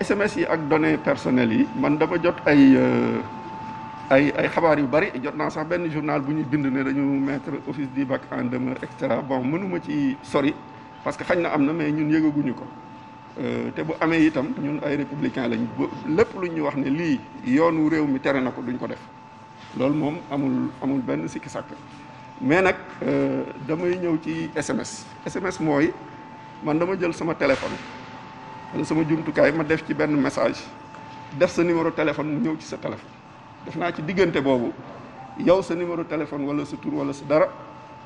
SMS yi ak données personnelles yi man dama jot ay euh, ay ay xabaar yu bari jot naa sax benn journal bu ñu bind ne dañu mettre office du bac en demeure et cetera bon mënuma ci sori parce que xañ na am na mais ñun yëgaguñu ko euh, te bu amee itam ñun ay républicain lañ lépp lu ñu wax ne lii yoonu réew mi tere na ko duñ ko def loolu moom amul amul benn sikki sàkk mais nag euh, damay ñëw ci sms sms mooy man dama jël sama téléphone wala sama jumtukaay ma def ci benn message def sa numéro téléphone mu ñëw ci sa téléphone def naa ci diggante boobu yow sa numéro téléphone wala sa tur wala sa dara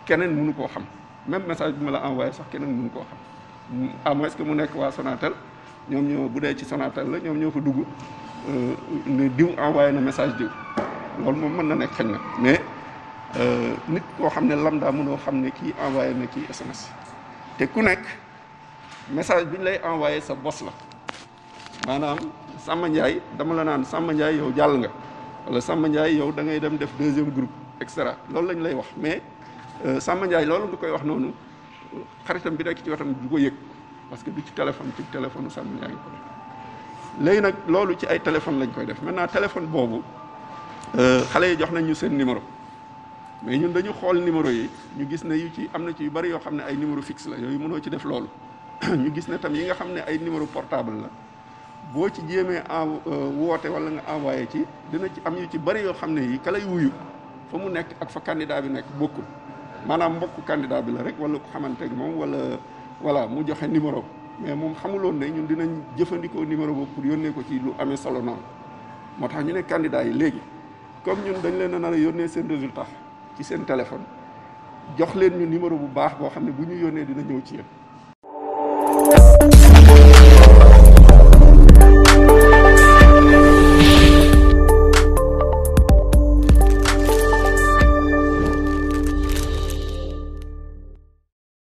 keneen mënu koo xam même message bi ma la envoyé sax keneen mënu koo xam à moins que mu nekk waa Sonatel ñoom ñoo bu dee ci Sonatel la ñoom ñëw fa dugg euh, ne diw envoyé na message diw loolu moom mën na nekk xañ na mais euh, nit koo xam ne lam lambda mënoo xam ne kii envoyé na kii SMS te ku nekk. message bi ñu lay envoyé sa bos la maanaam Samba Ndiaye dama la naan Samba Ndiaye yow jàll nga wala Samba yow da ngay dem def deuxième groupe et loolu la ñu lay wax mais euh, Samba Ndiaye loolu nga koy wax noonu xaritam bi nekk ci wetam bu ko yëg parce que du ci téléphone ci téléphone Samba Ndiaye léegi nag loolu ci ay téléphone lañ koy def maintenant téléphone boobu euh, xale yi jox nañ ñu seen numéro mais ñun dañu xool numéro yi ñu gis ne yu ci am na ci yu bari yoo xam ne ay numéro fixe la yooyu mënoo ci def loolu ñu gis ne tamit yi nga xam ne ay numéro portable la boo ci jéemee en euh, woote wala nga envoyé ci dina ci am yu ci bari yoo xam ne yi ka lay wuyu fa mu nekk ak fa candidat bi nekk bokkul maanaam mbokk candidat bi la rek wala ku xamante ak moom wala voilà mu joxe numéro mais moom xamuloon ne ñun dinañ jëfandikoo numéro boobu pour yónnee ko ci lu amee solo noonu moo tax ñu ne candidat yi léegi comme ñun dañu leen a nara yónnee seen résultat ci seen téléphone jox leen ñu numéro bu baax boo xam ne bu ñu yónnee dina ñëw ci yéen